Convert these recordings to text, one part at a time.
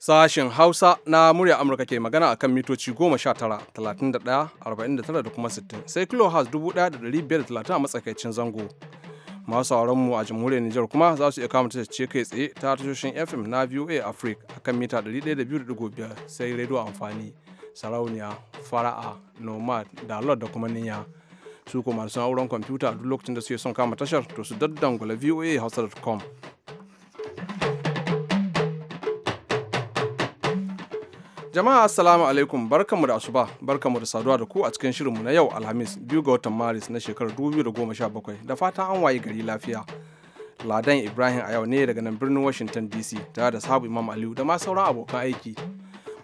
Sashen Hausa na murya Amurka ke magana akan mitoci 19, 31, 49 da kuma 60, sai kilohaz 1,530 a matsakaicin zango. Masu sauranmu mu a jamhuriyar Nijar kuma za su iya kama ce kai tsaye ta tashoshin FM na VOA Africa akan mita 102.5 sai rediyo amfani, sarauniya, fara'a, nomad, da da kuma niyya. su kuma masu auren kwamfuta duk lokacin da suke son kama tashar to su daddangula voa hausa.com jama'a assalamu alaikum barkanmu da asuba barkanmu da saduwa da ku a cikin shirinmu na yau alhamis biyu ga watan maris na shekarar 2017 da fatan an waye gari lafiya ladan ibrahim a yau ne daga nan birnin washington dc tare da sabu imam aliyu da ma sauran abokan aiki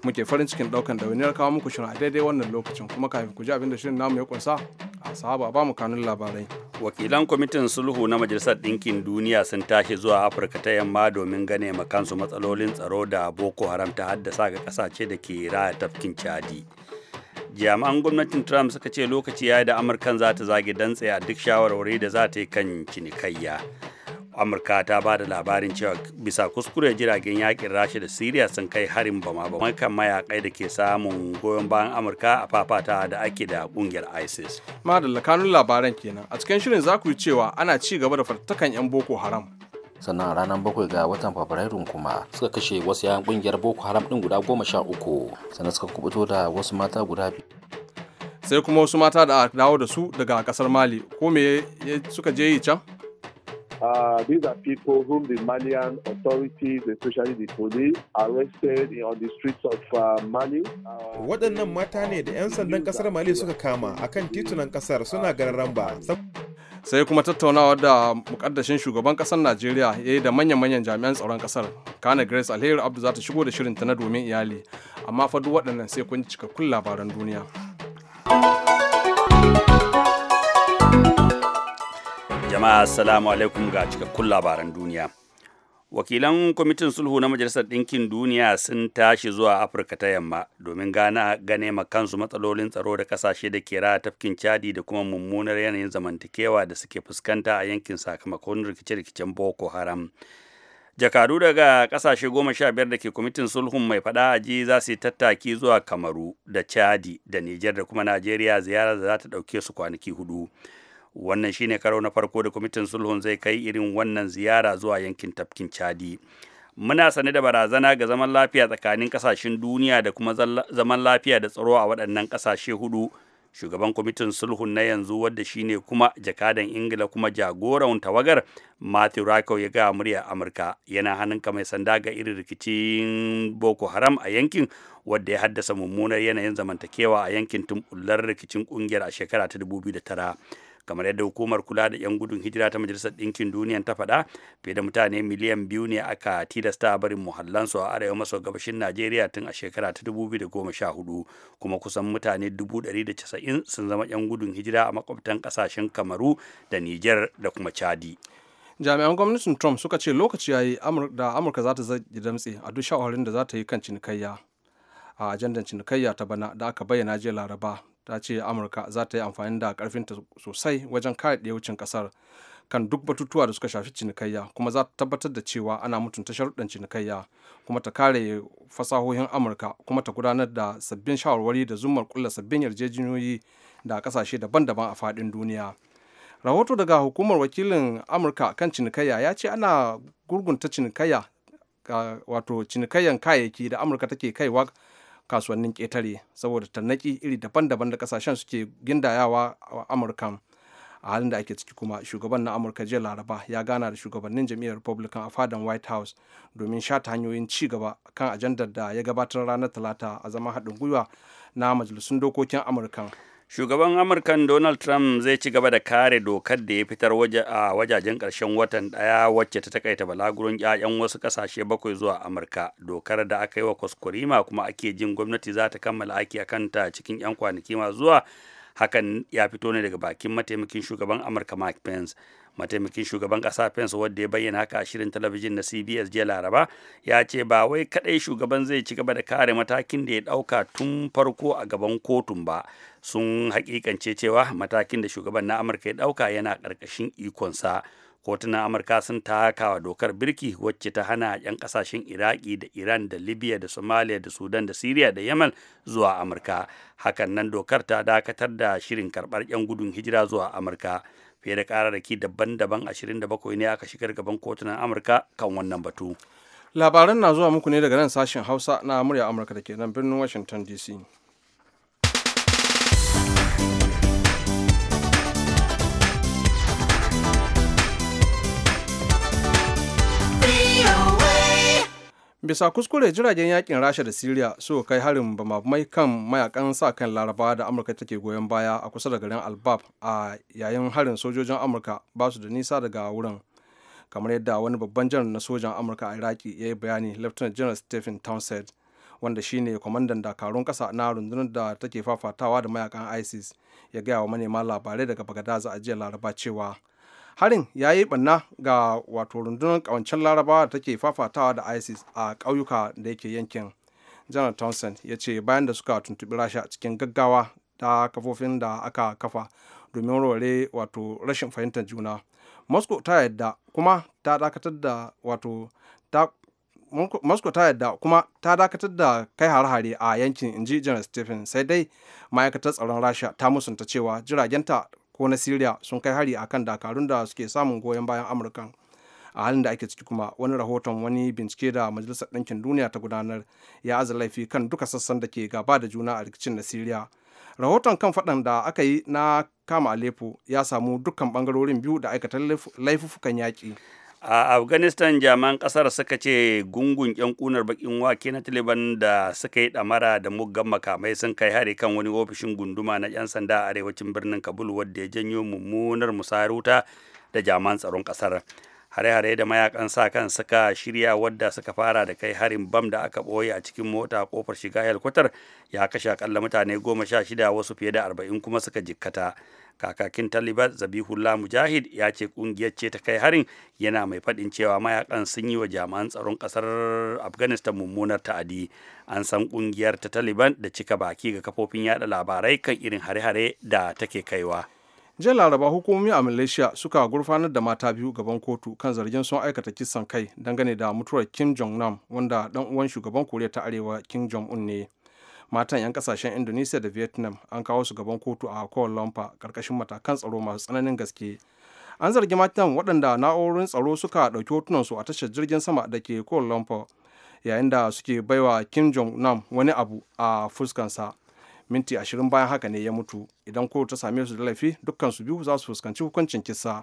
muke farin cikin daukan dawainiyar kawo muku shirin a daidai wannan lokacin kuma kafin ku ji abin da shirin namu ya kunsa Sahaba ba mu kanun labarai. Wakilan kwamitin sulhu na Majalisar Ɗinkin Duniya sun tashi zuwa Afirka ta yamma domin gane kansu matsalolin tsaro da Boko Haram ta haddasa ga ƙasashe da ke raya tafkin Chadi. Jami'an gwamnatin Trump suka ce lokaci ya da Amurkan za ta zage dantse a duk shawarwari da za ta yi kan cinikayya. amurka ta ba da labarin cewa bisa kuskure jiragen yakin rasha da siriya sun kai harin bama wani kan mayakai da ke samun goyon bayan amurka a fafata da ake da kungiyar isis madalla kanun labaran kenan a cikin shirin za ku yi cewa ana ci gaba da fartakan yan boko haram sannan ranar bakwai ga watan fabrairu kuma suka kashe wasu 'yan kungiyar boko haram din guda goma sha uku sannan suka kubuto da wasu mata guda biyu sai kuma wasu mata da dawo da su daga kasar mali ko me suka je yi can Uh, these are people whom the Malian authorities, especially the police, arrested on the streets of uh, Mali. Uh, waɗannan mata ne da 'yan sandan ƙasar Mali suka kama a kan titunan ƙasar suna gararan ba. Sai kuma tattaunawa da mukaddashin shugaban ƙasar Najeriya ya eh, yi da manyan-manyan jami'an tsaron ƙasar. Kana Grace Alheri Abdu za ta shigo da shirin ta na domin iyali. Amma fa duk waɗannan sai kun cikakkun labaran duniya. jama'a assalamu alaikum ga cikakkun labaran duniya wakilan kwamitin sulhu na majalisar ɗinkin duniya sun tashi zuwa afirka ta yamma domin gana gane kansu matsalolin tsaro da kasashe da ke raya tafkin chadi da kuma mummunar yanayin zamantakewa da suke fuskanta a yankin sakamakon rikice-rikicen boko haram jakadu daga ƙasashe goma sha biyar da ke kwamitin sulhun mai faɗa a ji za su yi tattaki zuwa kamaru da chadi da nijar da kuma najeriya ziyara da za ta ɗauke su kwanaki hudu wannan shine karo na farko da kwamitin sulhun zai kai irin wannan ziyara zuwa yankin tafkin chadi muna sane da barazana ga zaman lafiya tsakanin kasashen duniya da kuma zaman lafiya da tsaro a waɗannan ƙasashe hudu shugaban kwamitin sulhun na yanzu wadda shine kuma jakadan ingila kuma jagoran tawagar matthew rako ya ga murya amurka yana hannunka mai sanda ga irin rikicin boko haram a yankin wadda ya haddasa mummunar yanayin zamantakewa a yankin tun rikicin kungiyar a shekara ta 2009 kamar yadda hukumar kula da 'yan gudun hijira ta majalisar ɗinkin duniya ta faɗa fiye da mutane miliyan biyu ne aka tilasta barin muhallansu a arewa maso gabashin najeriya tun a shekara ta 2014 kuma kusan mutane 190 sun zama 'yan gudun hijira a makwabtan kasashen kamaru da niger da kuma chadi jami'an gwamnatin trump suka ce lokaci ya yi da amurka za ta damtse a duk shawarin da za ta yi kan cinikayya a ajandar cinikayya ta bana da aka bayyana jiya laraba ta ce amurka za ta yi amfani da karfinta sosai wajen kare ɗaya kasar kan duk batutuwa da suka shafi cinikayya kuma za ta tabbatar da cewa ana mutunta sharuɗan cinikayya kuma ta kare fasahohin amurka kuma ta gudanar da sabbin shawarwari da zumar kulla sabbin yarjejeniyoyi da kasashe daban-daban a faɗin duniya rahoto daga hukumar wakilin amurka kan cinikayya ya ce ana gurgunta cinikayya wato cinikayyan kayayyaki da amurka take kaiwa kasuwannin ƙetare saboda tarnaki iri daban-daban da kasashen suke gindayawa a amurka a halin da ake ciki kuma shugaban na amurka jiya laraba ya gana da shugabannin jam'iyyar republican a fadan white house domin shata hanyoyin ci gaba kan ajandar da ya gabatar ranar talata a zama haɗin gwiwa na majalisun dokokin amurka shugaban amurkan donald trump zai ci gaba da kare dokar da ya fitar a wajajen ƙarshen watan ɗaya wacce ta takaita balagurin 'ya'yan wasu ƙasashe bakwai zuwa amurka dokar da aka yi wa kuskurima kuma ake jin gwamnati za ta kammala aiki a kanta cikin 'yan kwanaki masu zuwa hakan ya fito ne daga bakin mataimakin shugaban amurka mark pence mataimakin shugaban ƙasa pence wadda ya bayyana haka a shirin talabijin na cbs jiya laraba ya ce ba wai kadai shugaban zai ci gaba da kare matakin da ya ɗauka tun farko a gaban kotun ba sun hakikance cewa matakin da shugaban na amurka ya ɗauka yana ƙarƙashin ikonsa kotunan amurka sun wa dokar birki wacce ta hana 'yan kasashen iraki da iran da libya da somalia da sudan da syria da yamal zuwa amurka hakan nan dokar ta dakatar da shirin karbar 'yan gudun hijira zuwa amurka fiye da kararraki daban-daban 27 ne aka shigar gaban kotunan amurka kan wannan batu labaran na zuwa muku ne daga nan sashen hausa na murya amurka da ke nan birnin washington dc bisa kuskure jiragen yakin rasha da siriya suka kai harin bamamai kan mayakan sa kan larabawa da amurka take goyon baya a kusa da garin albab a yayin harin sojojin amurka ba su da nisa daga wurin kamar yadda wani babban janar na sojan amurka a iraki ya yi bayani lieutenant general stephen townsend wanda shine kwamandan dakarun kasa na rundunar da take fafatawa da mayakan isis ya gaya wa manema labarai daga bagadaza a jiya laraba cewa harin ya yi banna ga wato rundunar ƙawancen larabawa da take fafatawa da isis a ƙauyuka da yake yankin janar townsend ya ce bayan da suka tuntuɓi rasha cikin gaggawa ta kafofin da aka kafa domin rore wato rashin fahimtar juna moscow ta yadda kuma ta dakatar da wato ta moscow ta yadda kuma ta dakatar da kai hare-hare a yankin inji janar stephen sai dai ma'aikatar tsaron rasha ta musunta cewa jiragenta ko na syria sun kai hari akan dakarun da suke samun goyon bayan amurka a halin da ake ciki kuma wani rahoton wani bincike da majalisar ɗinkin duniya ta gudanar ya aza laifi kan duka sassan da ke gaba da juna a rikicin na syria rahoton kan faɗan da aka yi na kama aleppo ya samu dukkan ɓangarorin biyu da aikatar laifuffukan yaƙi a afghanistan jaman kasar suka ce gungun 'yan kunar bakin wake na taliban da suka yi damara da muggan makamai sun kai hari kan wani ofishin gunduma na 'yan sanda a arewacin birnin kabul wadda ya janyo mummunar musaruta da jaman tsaron kasar hare-hare da mayakan sa kan suka shirya wadda suka fara da kai harin bam da aka ɓoye a cikin mota kofar shiga helkwatar ya kashe akalla mutane goma sha shida wasu fiye da arba'in kuma suka jikkata kakakin taliban zabihullah mujahid ya ce kungiyar ce ta kai harin yana mai faɗin cewa mayakan sun yi wa jami'an tsaron ƙasar afghanistan mummunar ta'adi an san kungiyar ta taliban da cika baki ga kafofin yada labarai kan irin hare-hare da take kaiwa jiya laraba hukumomi a malaysia suka gurfanar da mata biyu gaban kotu kan zargin sun aikata kisan kai dangane da mutuwar kim jong nam wanda dan uwan shugaban koriya ta arewa kim jong un ne matan 'yan kasashen indonesia da vietnam an kawo su gaban kotu a kowar lamfa karkashin matakan tsaro masu tsananin gaske an zargi matan waɗanda na'urorin tsaro suka ɗauki hotunansu a tashar jirgin sama da ke kowar lamfa yayin da suke baiwa kim jong nam wani abu a fuskansa minti ashirin bayan haka ne ya mutu idan kotu ta same su da laifi dukkan su biyu za su fuskanci hukuncin kisa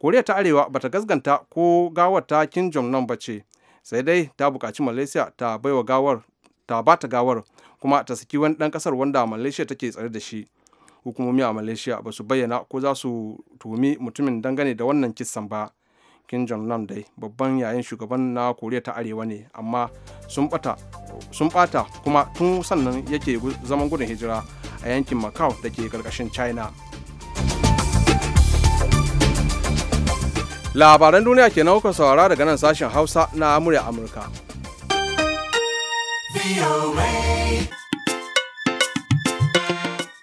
koriya ta arewa bata gasganta ko gawar ta kim jong nam ba ce sai dai ta bukaci malaysia ta baiwa gawar ta bata gawar kuma ta saki wani ɗan ƙasar wanda malaysia take tsare da shi hukumomi a malaysia ba su bayyana ko za su tuhumi mutumin dangane da wannan kisan ba kin jong nam dai babban yayin shugaban na koriya ta arewa ne amma sun bata kuma tun sannan yake zaman gudun hijira a yankin macau da ke karkashin china labaran duniya ke nauka saurara daga nan sashen hausa na murya amurka VOA.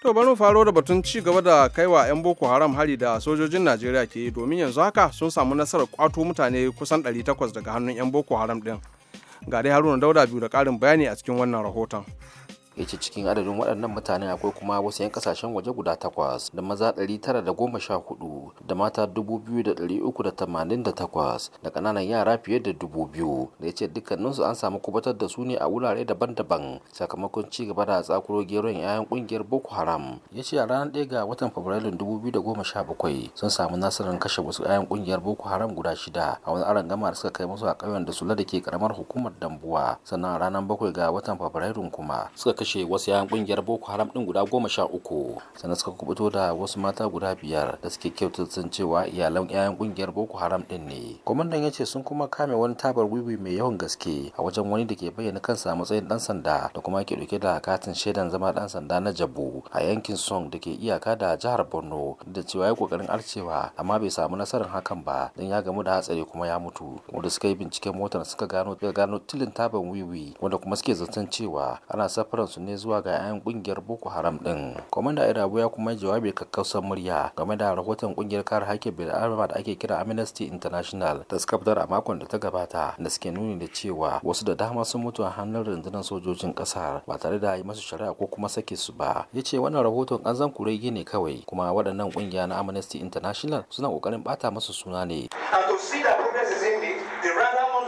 To bari faro da batun ci gaba da kaiwa 'yan Boko Haram hari da sojojin Najeriya ke yi domin yanzu haka sun samu nasarar kwato mutane kusan 800 daga hannun 'yan Boko Haram din. Ga dai Haruna Dauda biyu da ƙarin bayani a cikin wannan rahoton. ya ce cikin adadin waɗannan mutane akwai kuma wasu 'yan kasashen waje guda takwas da maza 914 da mata 2,388 da ƙananan yara fiye da 2,000 da ya ce dukkaninsu an samu kubatar da su ne a wurare daban-daban sakamakon ci gaba da tsakuro geron 'ya'yan ƙungiyar boko haram ya ce a ranar 1 ga watan fabrairun 2017 sun samu nasarar kashe wasu 'ya'yan ƙungiyar boko haram guda shida a wani aron gama da suka kai musu a ƙauyen da sula da ke karamar hukumar dambuwa sannan a ranar bakwai ga watan fabrairu kuma suka kashe kashe wasu yayan kungiyar boko haram din guda goma sha uku sannan suka kubuto da wasu mata guda biyar da suke kyautata cewa iyalan yayan kungiyar boko haram din ne kwamandan ya ce sun kuma kame wani tabar wiwi mai yawan gaske a wajen wani da ke bayyana kansa a matsayin dan sanda da kuma ke dauke da katin shaidan zama dan sanda na jabu a yankin song da ke iyaka da jihar borno da cewa ya kokarin arcewa amma bai samu nasarar hakan ba don ya gamu da hatsari kuma ya mutu wanda suka yi binciken motar suka gano tilin taban wiwi wanda kuma suke zaton cewa ana safaran su ne zuwa ga 'ya'yan kungiyar boko haram din komanda irabu ya kuma jawabi kakkausar murya game da rahoton kungiyar kare hakkin bil'adama da ake kira amnesty international ta suka fitar a makon da ta gabata da suke nuni da cewa wasu da dama sun mutu a hannun rundunar sojojin kasar ba tare da yi masu shari'a ko kuma sake su ba ya ce wannan rahoton an zan kurege ne kawai kuma waɗannan kungiya na amnesty international suna ƙoƙarin ɓata masu suna ne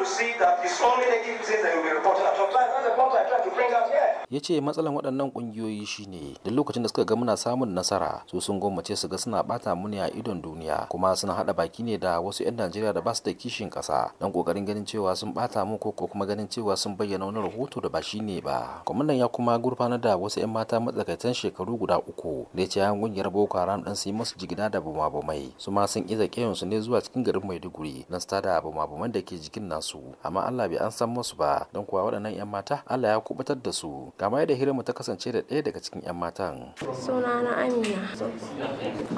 to see that it's only negative things that be That's the point I to bring out here. ya ce matsalan waɗannan ƙungiyoyi shine duk lokacin da suka ga muna samun nasara su sun gwammace su ga suna bata muni a idon duniya kuma suna haɗa baki ne da wasu 'yan najeriya da basu da kishin ƙasa don kokarin ganin cewa sun bata mu ko kuma ganin cewa sun bayyana wani rahoto da ba shi ne ba kwamandan ya kuma gurfanar da wasu 'yan mata matsakaitan shekaru guda uku da ya ce yan ƙungiyar boko haram ɗin su yi musu jigida da bumabumai su ma sun iza su ne zuwa cikin garin maiduguri don su tada bumabumai da ke jikin nasu amma allah bai an san musu ba don kuwa waɗannan 'yan mata allah ya kubatar da su ga yadda yadda mu ta kasance da ɗaya daga cikin 'yan matan sunana amina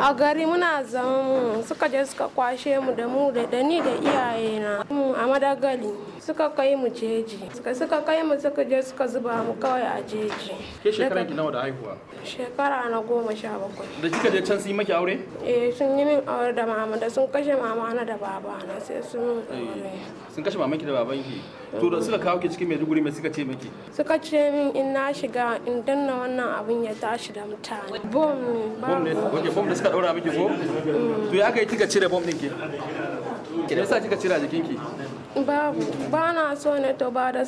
a gari muna zama mu suka je suka kwashe mu da mu da dani da iyayena a madagali suka kai mu jeji suka kai mu suka je suka zuba mu kawai a jeji ke shekara ki nawa da haihuwa shekara na goma sha bakwai da kika je can sun yi maki aure eh sun yi min aure da mama da sun kashe mama na da baba na sai sun eh, aure sun kashe mamanki da babanki to da suka kawo ki cikin Maiduguri mai suka ce miki suka ce min in na shiga in danna wannan abin ya tashi da mutane bom ne bom da suka daura miki ko mm. to ya kai kika cire bom din ki me yasa kika cire jikin ki babu ba na so ne to ba da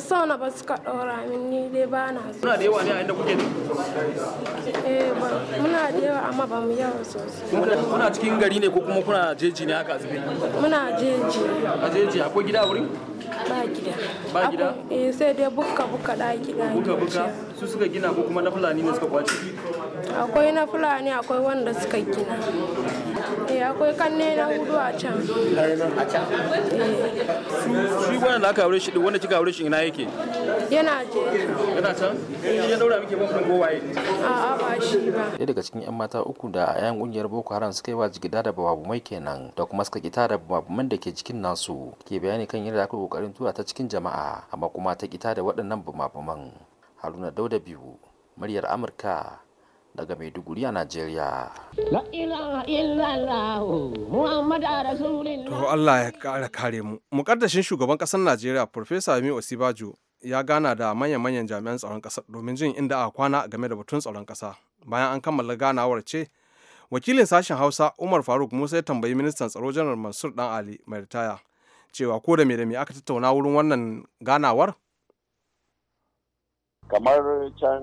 so na ba suka ɗora min ni dai ba na so muna da yawa ne a inda kuke eh ba muna da yawa amma ba mu yawa sosai kuna cikin gari ne ko kuma kuna jeji ne haka azumi muna jeji a jeji akwai gida wurin ba gida ba gida eh sai dai bukka bukka daki daki bukka bukka su suka gina ko kuma na fulani ne suka kwace akwai na fulani akwai wanda suka gina eh, akwai kanne na hudu a can shi wannan da aka aure shi wanda kika aure shi ina yake yana je yana can shi ya daura miki bankun gowaye a'a ba shi ba ɗaya daga cikin yan mata uku da ayan kungiyar boko haram suka yi wa jigida da bababumai kenan da kuma suka kita da bababuman da ke cikin nasu ke bayani kan yadda aka kokarin tura ta cikin jama'a amma kuma ta kita da waɗannan bababuman haruna dauda biyu muryar amurka daga Maiduguri a Najeriya. La To Allah ya kara kare mu. Mukaddashin shugaban kasar Najeriya profesa Ami Osibajo ya gana da manyan-manyan jami'an tsaron ƙasa domin jin inda aka kwana game da batun tsaron kasa. Bayan an kammala ganawar ce wakilin sashen Hausa Umar Faruk Musa ya tambayi ministan tsaro Janar Mansur Dan Ali mai ritaya cewa ko da me da me aka tattauna wurin wannan ganawar kamar can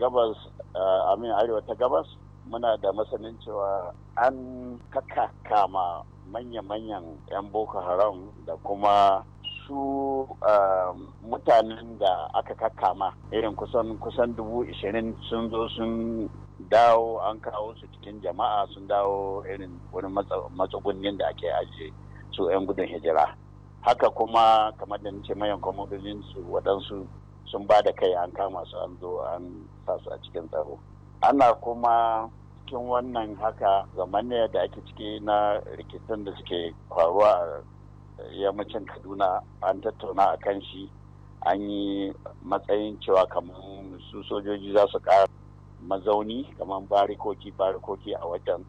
gabas Uh, amin arewa ta gabas muna da masanin cewa an kama manya-manyan 'yan boko haram da kuma su um, mutanen da aka kakama irin kusan kusan dubu ishirin sun zo sun dawo an kawo su cikin jama'a sun dawo irin wani matsugunnin da ake ajiye su 'yan gudun hijira haka kuma kamar da nace mayan kwamodinin su waɗansu sun ba da kai an kama su an zo an sa a cikin tsaro ana kuma cikin wannan haka zamaniya da ake ciki na rikicin da suke faruwa a yammacin kaduna an tattauna a kan shi an yi matsayin cewa kamar su sojoji za su ƙara mazauni kamar barikoki barikoki a wajen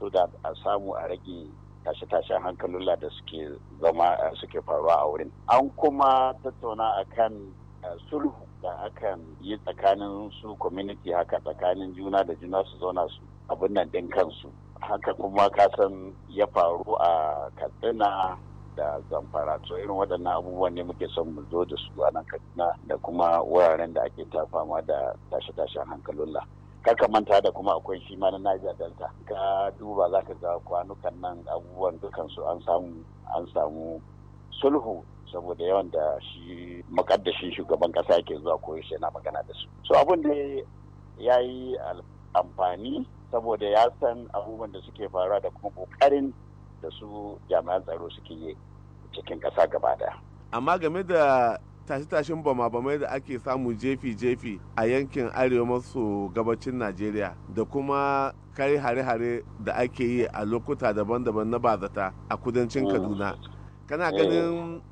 so da a samu a rage tashe-tashen hankalin da suke zama suke faruwa a wurin an kuma tattauna a kan. sulhu da akan yi tsakanin su community haka tsakanin juna da juna su zauna su abin nan ɗin kansu haka kuma ka san ya faru a katsina da zamfara to irin waɗannan abubuwan ne muke son mu zo da su a nan katsina da kuma wuraren da ake ta fama da tashe-tashen hankalulla kaka manta da kuma akwai shi ma na niger delta ka duba za ka ga kwanukan nan abubuwan dukansu an samu an samu sulhu saboda yawan da shi makaddashin shugaban kasa yake zuwa koyaushe yana magana da su so abin da ya yi amfani saboda ya san abubuwan da suke faruwa da kuma kokarin da su jami'an tsaro suke yi cikin kasa gaba da amma game da tashe-tashen bama-bamai da ake samu jefi-jefi a yankin arewa maso gabacin najeriya da kuma kai hare-hare da ake yi a lokuta daban-daban na bazata a kudancin mm. kaduna kana oh. ganin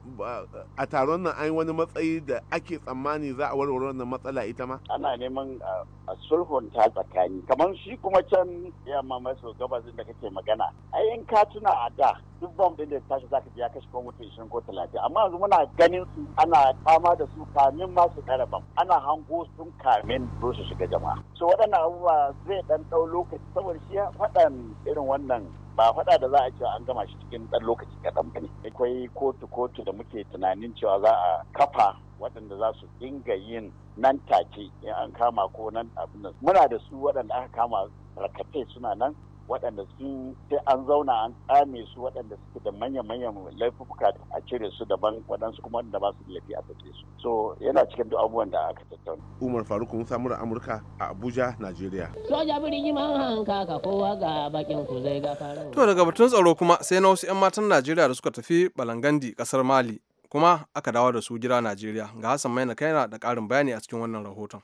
a taron nan an wani matsayi da ake tsammani za a warware wannan matsala ita ma ana neman a sulhunta tsakani kamar shi kuma can yamma maso gabasin da kake magana ai ka tuna a da duk bom din da tashi zaka ji ya kashe ko mutum ishirin ko talatin amma yanzu muna ganin su ana fama da su kamin ma su tsara bam ana hango sun kamin zo su shiga jama'a so waɗannan abubuwa zai ɗan ɗau lokaci saboda shi faɗan irin wannan ba faɗa da za a cewa an gama shi cikin ɗan lokaci kaɗan ba ne akwai kotu kotu da muke tunanin cewa za a kafa waɗanda za su dinga yin nan take in an kama ko nan abin nan muna da su waɗanda aka kama rakatai suna nan waɗanda su sai an zauna an tsame su waɗanda suke da manya-manyan laifuka a cire su daban waɗansu kuma waɗanda ba su da lafiya a sake su so yana cikin duk abubuwan da aka tattauna. umar faruk musa mura amurka a abuja najeriya. soja birni man hanka ka kowa ga bakin ku zai gafara. to daga batun tsaro kuma sai na wasu 'yan matan najeriya da suka tafi balangandi kasar mali kuma aka dawo da su gida najeriya ga hassan maina kaina da ƙarin bayani a cikin wannan rahoton.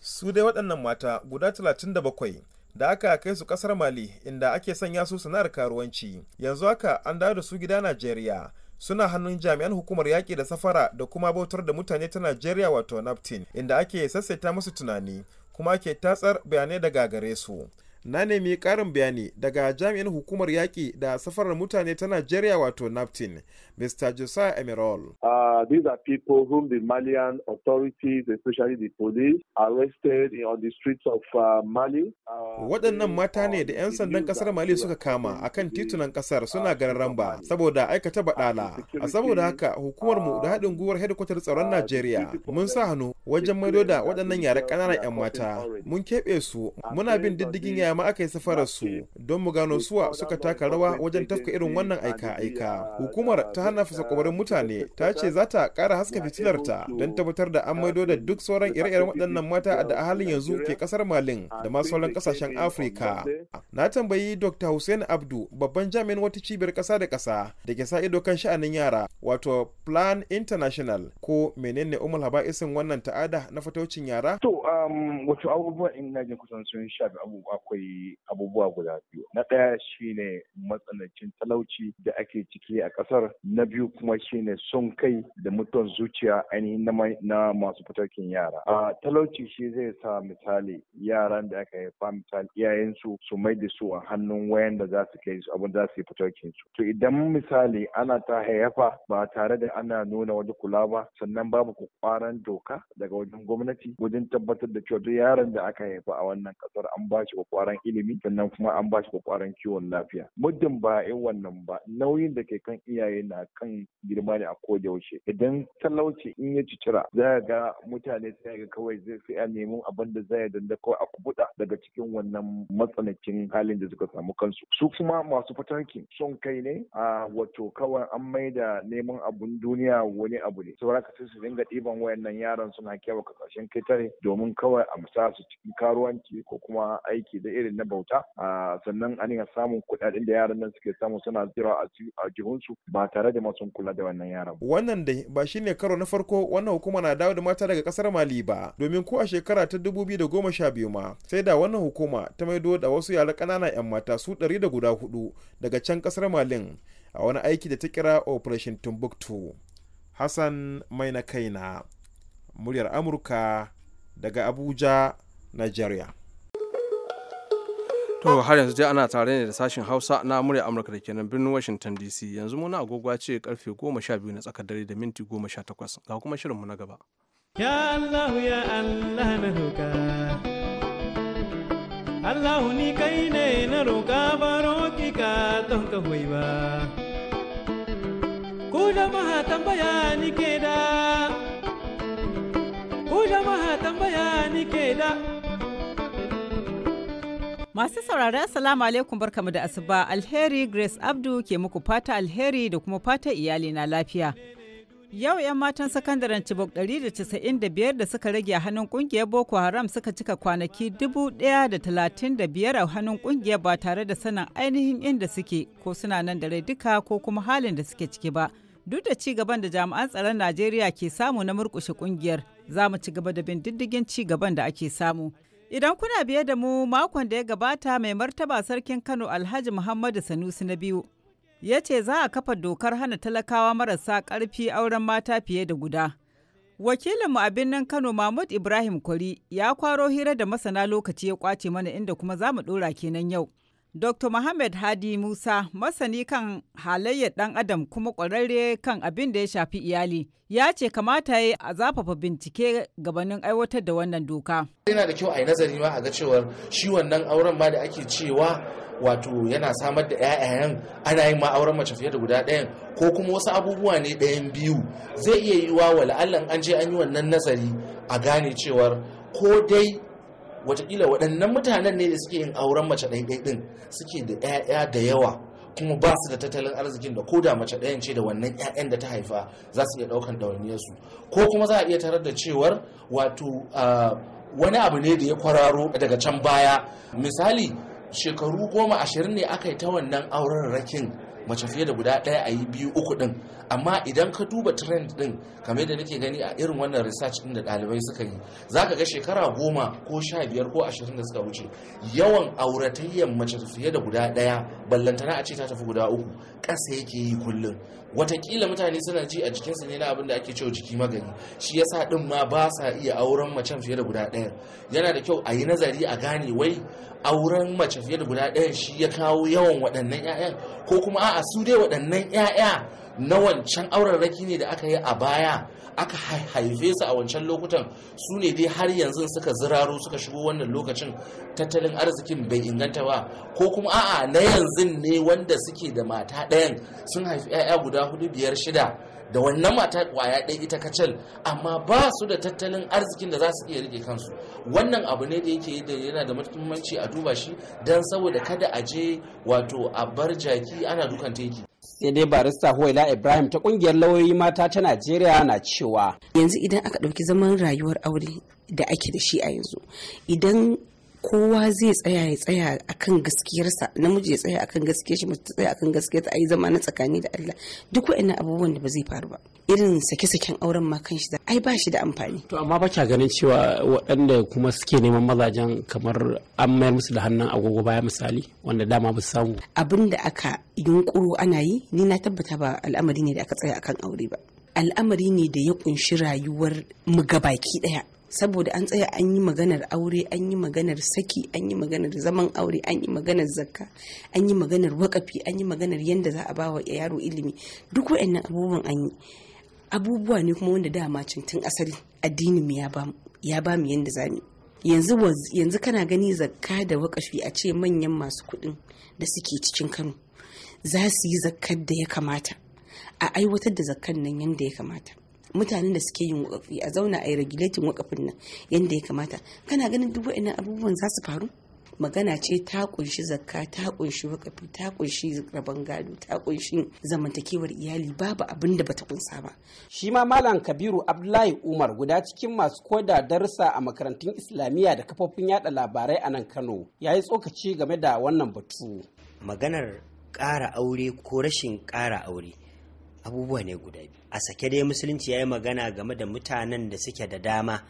su dai waɗannan mata guda 37 da aka kai su kasar mali inda ake sanya su sanar karuwanci yanzu haka an dawo da su gida najeriya suna hannun jami'an hukumar yaƙi da safara da kuma bautar da mutane ta najeriya wato naftin inda ake sassaita musu tunani kuma ake tatsar bayanai daga gare su na nemi ƙarin bayani daga jami'an hukumar yaƙi da safarar mutane ta najeriya wato naftin. Mr. Josiah Emerol. Uh, these are people whom the Malian authorities, especially the police, arrested on the streets of uh, Mali. Uh, Waɗannan mata ne da 'yan sandan ƙasar Mali suka kama a kan titunan ƙasar suna ganin ramba saboda aikata baɗala. A saboda haka hukumarmu da uh, haɗin gwiwar hedikwatar tsaron uh, Najeriya mun sa hannu wajen maido da waɗannan yare ƙananan 'yan mata. Mun keɓe su muna bin diddigin yaya ma aka yi safararsu don mu gano suwa suka taka rawa wajen tafka irin wannan aika-aika. Hukumar uh, ta hana fasa kwabarin mutane ta ce za ta kara haska fitilarta don tabbatar da an maido da duk sauran ire-iren waɗannan mata da a halin yanzu ke kasar malin da ma sauran kasashen afirka na tambayi dr hussein abdu babban jami'in wata cibiyar kasa da kasa da ke sa ido kan sha'anin yara wato plan international ko menene umar haba'isin wannan ta'ada na fataucin yara to um, wato abubuwa in na jin kusan sun shafi abubuwa akwai abubuwa guda biyu na ɗaya shine matsanancin talauci da ake ciki a ƙasar na biyu kuma shine son kai da mutuwar zuciya ainihin na masu fitokin yara a talauci shi zai sa misali yaran da aka haifa misali iyayensu su mai da su a hannun wayan da za su kai su abin za su yi fitarkin su to idan misali ana ta haifa ba tare da ana nuna wani kula ba sannan babu kwaran doka daga wajen gwamnati wajen tabbatar da cewa duk yaran da aka haifa a wannan kasar an ba shi kwaran ilimi sannan kuma an ba shi kwaran kiwon lafiya muddin ba a yi wannan ba nauyin da ke kan iyaye na kan girma ne a koda yaushe idan talauci in ya cicira za a ga mutane sai ga kawai zai sai a nemi abin da zai danda kawai a kubuta daga cikin wannan matsanancin halin da suka samu kansu su kuma masu fatanki son kai ne a wato kawai an mai da neman abun duniya wani abu ne saboda ka sai su dinga ɗiban wayannan yaran suna kyawa kasashen kai tare domin kawai a musa su cikin karuwanci ko kuma aiki da irin na bauta sannan an samun kuɗaɗen da yaran nan suke samu suna jira a jihunsu ba tare da masu kula da wannan yaran. Wannan da ba shi ne karo na farko wannan hukuma na dawo da mata daga kasar Mali ba domin ko a shekara ta dubu biyu da goma sha biyu ma sai da wannan hukuma ta maido da wasu yara ƙanana 'yan mata su ɗari da guda hudu daga can kasar Malin a wani aiki da ta kira Operation Timbuktu. Hassan Mai na kaina, muryar Amurka daga Abuja, Nigeria. To har yanzu dai ana tare ne da sashen Hausa na murya Amurka da kenan birnin Washington DC. Yanzu muna agogwa ce karfe goma sha biyu na tsakar dare da minti goma sha takwas. Ga kuma shirinmu na gaba. Ya Allah ya Allah na roƙa. Allah ni kai ne na roƙa baro ki ka don ka hoyi ba. Ku jama'a tambaya ni ke da. Ku jama'a tambaya ni ke da. Masu sauraron salamu alaikum barkamu da asuba alheri Grace Abdu ke muku fata alheri da kuma fata iyali na lafiya. Yau 'yan matan sakandaren Chibok 195 da suka rage a hannun kungiyar Boko Haram suka cika kwanaki 1,035 a hannun kungiyar ba tare da sanin ainihin inda suke ko suna nan da rai duka ko kuma halin da suke ciki ba. Duk da ci gaban da jami'an tsaron Najeriya ke samu na murkushe ƙungiyar za mu ci gaba da bin diddigin ci gaban da ake samu. Idan kuna biye da mu makon da ya gabata mai martaba sarkin Kano Alhaji Muhammadu Sanusi na biyu ya ce za a kafa dokar hana talakawa marasa ƙarfi auren mata fiye da guda. Wakilinmu a birnin Kano Mahmud Ibrahim Kwari ya kwaro hira da masana lokaci ya kwace mana inda kuma za mu ɗora kenan yau. Dr. Muhammad Hadi Musa, masani kan halayyar ɗan adam kuma ƙwararre kan abin da ya shafi iyali, ya ce kamata ya a zafafa bincike gabanin aiwatar da wannan doka. Yana da kyau a yi nazari ma a ga cewar shi wannan auren ma da ake cewa wato yana samar da 'ya'yan ana yin ma auren mace fiye da guda ɗayan ko kuma wasu abubuwa ne ɗayan biyu zai iya yiwa wa la'allan an je an yi wannan nazari a gane cewar ko dai watakila waɗannan mutanen ne da suke yin auren mace ɗaiɗai ɗin suke da 'ya'ya da yawa kuma ba su da tattalin arzikin da ko da mace ɗayan ce da wannan 'ya'yan da ta haifa za su iya ɗaukan ɗauniyarsu ko kuma za a iya tarar da cewar wato wani abu ne da ya kwararo daga can baya misali shekaru goma ashirin ne aka yi ta wannan auren rakin mace fiye da guda ɗaya a yi biyu uku ɗin amma idan ka duba trend ɗin kamar da nake gani a irin wannan research ɗin da ɗalibai suka yi za ka ga shekara goma ko sha biyar ko ashirin da suka wuce yawan auratayyan mace fiye da guda ɗaya ballantana a ce ta tafi guda uku ƙasa yake yi kullum watakila mutane suna ji a su ne na abin da ake cewa jiki magani shi yasa ɗin ma ba sa iya auren mace fiye da guda ɗaya yana da kyau a yi nazari a gane wai auren mace fiye da guda ɗaya shi ya kawo yawan waɗannan 'ya'yan ko kuma a'a su dai waɗannan 'ya'ya na wancan aurarraki ne da aka yi a baya aka haife su a wancan lokutan su ne dai har yanzu suka ziraro suka shigo wannan lokacin tattalin arzikin bai inganta ba ko kuma a'a na yanzu ne wanda suke da mata ɗayan sun haifi 'ya'ya guda hudu biyar shida da wannan mata kwaya ɗaya ita kacal amma ba su da tattalin arzikin da za su iya rike kansu wannan abu ne da yake da yana da muhimmanci a duba shi don saboda kada a je wato a bar jaki ana dukan teki sai dai barista huwaila ibrahim ta kungiyar lauyoyi mata ta najeriya na cewa yanzu idan aka ɗauki zaman rayuwar aure da ake da shi a yanzu idan kowa zai tsaya ya tsaya akan gaskiyarsa namiji ya tsaya akan gaskiyar shi mace ta tsaya akan gaskiyar ta ayi zama na tsakani da Allah duk wa'annan abubuwan da ba zai faru ba irin sake-saken auren ma kan shi ai ba shi da amfani to amma ba ganin cewa waɗanda kuma suke neman mazajen kamar an mayar musu da hannun agogo baya misali wanda dama ba su samu abin da aka yunkuro ana yi ni na tabbata ba al'amari ne da aka tsaya akan aure ba al'amari ne da ya kunshi rayuwar mu gabaki daya saboda an tsaya an yi maganar aure an yi maganar saki an yi maganar zaman aure an yi maganar zakka an yi maganar wakafi an yi maganar yadda za a ba wa yaro ilimi duk wa'annan abubuwan an yi abubuwa ne kuma wanda dama tun asali addinin mu ya ba mu yadda za mu yanzu kana gani zakka da wakafi a ce manyan masu kuɗin da suke cikin Kano za su yi zakkar da ya kamata a aiwatar da zakkar nan yadda ya kamata mutanen da suke yin wakafi a zauna a yi regulating wakafin nan yadda ya kamata kana ganin duk wa'annan abubuwan za su faru magana ce ta kunshi zakka ta kunshi wakafi ta kunshi rabon gado ta kunshi zamantakewar iyali babu abin da bata kunsa ba shi ma malam kabiru abdullahi umar guda cikin masu koda darsa a makarantun islamiyya da kafofin yada labarai a nan kano ya yi tsokaci game da wannan batu maganar ƙara aure ko rashin ƙara aure abubuwa ne guda biyu a sake dai musulunci ya yi magana game da mutanen da suke da dama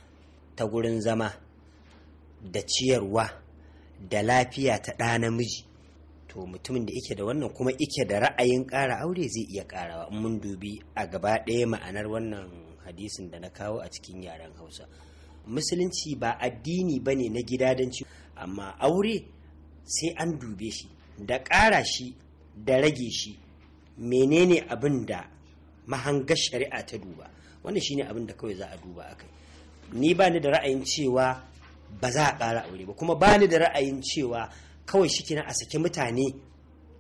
ta gurin zama da ciyarwa da lafiya ta ɗa namiji to mutumin da ike da wannan kuma ike da ra'ayin ƙara aure zai iya ƙarawa in mun dubi a gaba ɗaya ma'anar wannan hadisin da na kawo a cikin yaren hausa musulunci ba addini ba ne na gidadanci amma aure sai an dube shi da ƙara shi da rage shi menene abin da mahangar shari'a ta duba wannan shine abin da kawai za a duba akai ni ba ni da ra'ayin cewa ba za a ƙara aure ba kuma ba ni da ra'ayin cewa kawai shi a saki mutane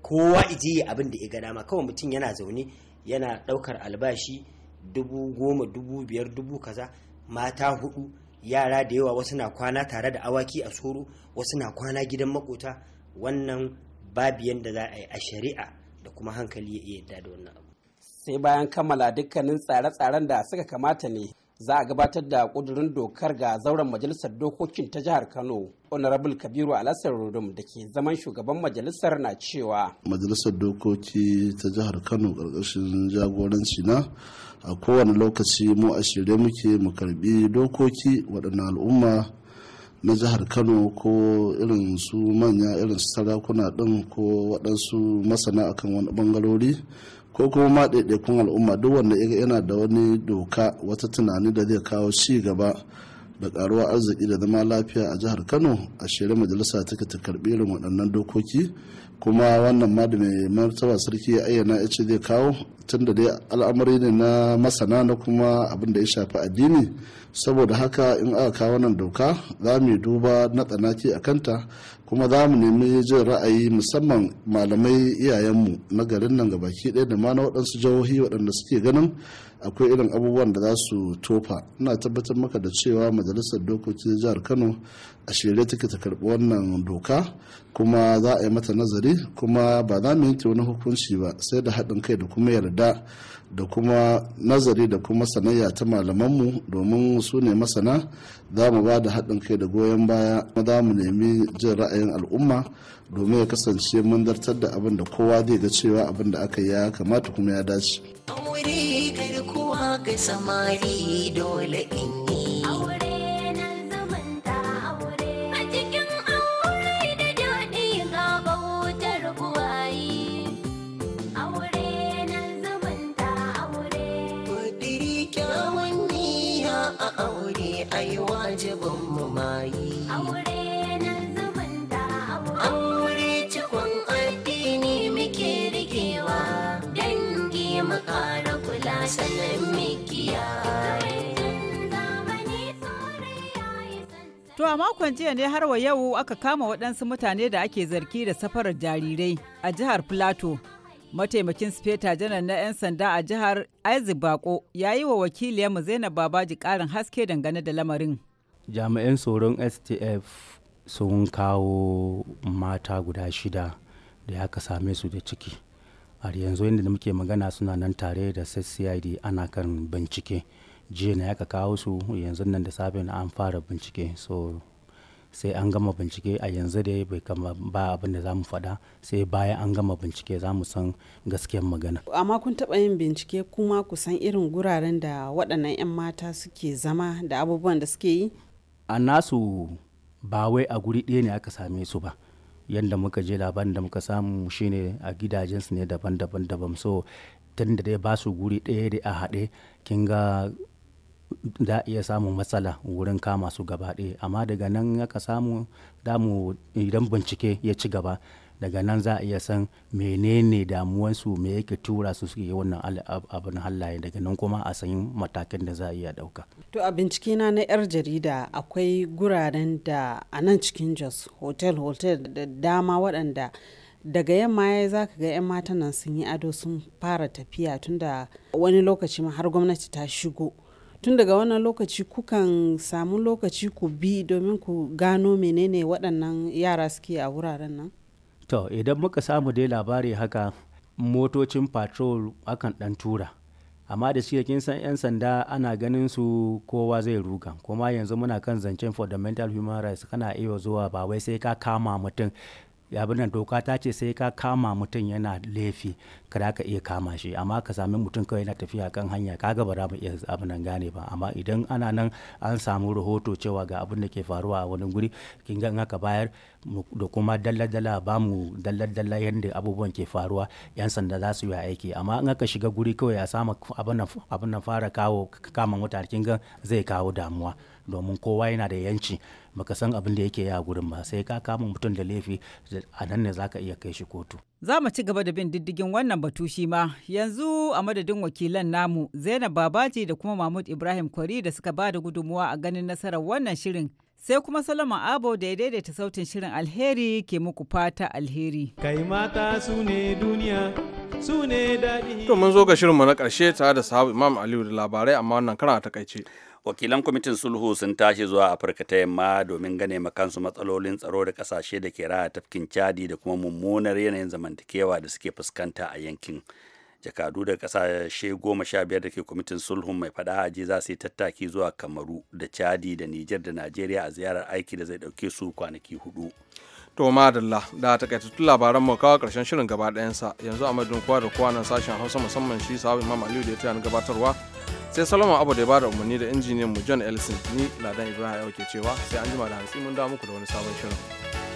kowa yi abin da ya gada ma kawai mutum yana zaune yana ɗaukar albashi dubu goma dubu biyar dubu kaza mata hudu yara da yawa wasu na kwana tare da awaki a tsoro wasu na kwana gidan makota wannan babu yadda za a yi a shari'a kuma hankali ya yadda da wannan abu sai bayan kammala dukkanin tsare-tsaren da suka kamata ne za a gabatar da kudurin dokar ga zauren majalisar dokokin ta jihar kano honorable kabiru alasar rudum da ke zaman shugaban majalisar na cewa majalisar dokoki ta jihar kano karkashin jagoranci na a kowane lokaci mu a shirye muke mu karbi dokoki waɗannan al'umma na jihar kano ko irin su manya irin su sarakuna ɗin ko waɗansu masana akan wani bangarori ko kuma ma ɗaiɗaikun al'umma duk wanda yana da wani doka wata tunani da zai kawo ci gaba da karuwa arziki da zama lafiya a jihar kano a shirin majalisa take ta karbi irin waɗannan dokoki kuma wannan ma da mai martaba sarki ya ayyana ya ce zai kawo tun da dai al'amari ne na masana na kuma abin da ya shafi addini saboda haka in aka kawo wannan doka za mu duba na tsanaki a kanta kuma za mu nemi jin ra'ayi musamman malamai iyayenmu na garin nan gabaki ɗaya da ma na waɗansu jihohi waɗanda suke ganin akwai irin abubuwan da za su tofa ina tabbatar maka da cewa majalisar dokoki jihar kano a shirye take ta karɓi wannan doka kuma za a yi mata nazari kuma ba za mu yanke wani hukunci ba sai da haɗin kai da kuma yarda yarda da kuma nazari da kuma sanayya ta malamanmu domin su ne masana za mu ba da haɗin kai da goyon baya kuma za mu nemi jin ra'ayin al'umma domin ya kasance mun zartar da abin da kowa zai ga cewa abin da aka ya kamata kuma ya dace. samari dole To a makon jiya ne har wa yau aka kama waɗansu mutane da ake zarki da safarar jarirai a jihar Filato. Mataimakin Sufeta janar na 'yan sanda a jihar Isaac Bako ya yi wa wakiliyarmu Zainab Babaji ƙarin haske dangane da lamarin. Jami'an tsoron STF sun kawo mata guda shida da aka same su da ciki. har yanzu yadda da muke magana suna nan tare da ccid ana kan bincike jiya na yaka kawo su yanzu nan da safe na an fara bincike so sai an gama bincike a yanzu dai bai kama ba abin da za mu faɗa sai bayan an gama bincike za mu san gaskiyar magana amma kun taɓa yin bincike kuma ku san irin guraren da waɗannan 'yan mata suke zama da abubuwan da suke yi a nasu ba wai a guri ɗaya ne aka same su ba yadda muka je labarin da muka samu shine a gidajensu ne daban-daban daban so tun da dai ba su guri ɗaya da a haɗe kin ga da iya samun matsala wurin kama su gaba ɗaya amma daga nan aka samu damu idan bincike ya ci gaba daga nan za a iya san menene damuwansu me yake tura su suke wannan abin halaye daga nan kuma a san matakin da za a iya dauka to a bincikena na yar jarida akwai guraren da a nan cikin jos hotel hotel da dama waɗanda daga yamma ya za ka ga 'yan matan nan sun yi ado sun fara tafiya tunda wani lokaci ma har gwamnati ta shigo tun daga wannan lokaci kukan samu lokaci ku bi domin ku gano menene waɗannan yara suke a wuraren nan to idan muka samu dai labari haka motocin patrol akan dan tura amma da shi kin san 'yan sanda ana ganin su kowa zai ruga kuma yanzu muna kan zancen fundamental human rights kana iya zuwa ba wai sai ka kama mutum abin nan doka ta ce sai ka kama mutum yana laifi kada ka iya kama shi amma ka sami mutum kawai yana tafiya kan hanya kaga ba mu iya abin nan gane ba amma idan ana nan an samu rahoto cewa ga abin da ke faruwa a wani guri kin ga haka bayar da kuma dalla-dalla ba mu dalla-dalla yadda abubuwan ke faruwa yan sanda za su yi aiki amma in aka shiga guri kawai a sama abin nan fara kawo kama mutane kin ga zai kawo damuwa domin kowa yana da yanci baka san abin da yake ya gurin ba sai ka kama mutum da laifi a nan ne zaka iya kai shi kotu za mu ci gaba da bin diddigin wannan batu shi ma yanzu a madadin wakilan namu zainab babaji da kuma mahmud ibrahim kwari da suka ba da gudunmuwa a ganin nasarar wannan shirin sai kuma salama Abo da ya daidaita sautin shirin alheri ke muku fata alheri. Kai mata su ne duniya su ne daɗi. To mun zo ga shirinmu na karshe tare da sahabu Imam Aliyu da labarai amma wannan karan a takaice. Wakilan kwamitin sulhu sun tashi zuwa Afirka ta yamma domin gane makansu matsalolin tsaro da kasashe da ke raya tafkin Chadi da kuma mummunar yanayin zamantakewa da suke fuskanta a yankin. jakadu da kasashe goma sha biyar da ke kwamitin sulhu mai fada aji za su yi tattaki zuwa kamaru da chadi da nijar da najeriya a ziyarar aiki da zai dauke su kwanaki hudu To madalla da takaitattun labaran mu kawo karshen shirin gaba sa yanzu a madadin kowa da kowa nan sashen Hausa musamman shi sahabu Imam Aliyu da ya tayar gabatarwa sai salama Abu da ya bada umarni da injiniyan mu John Ellison ni Ladan Ibrahim yau ke cewa sai an jima da hantsi mun da muku da wani sabon shirin.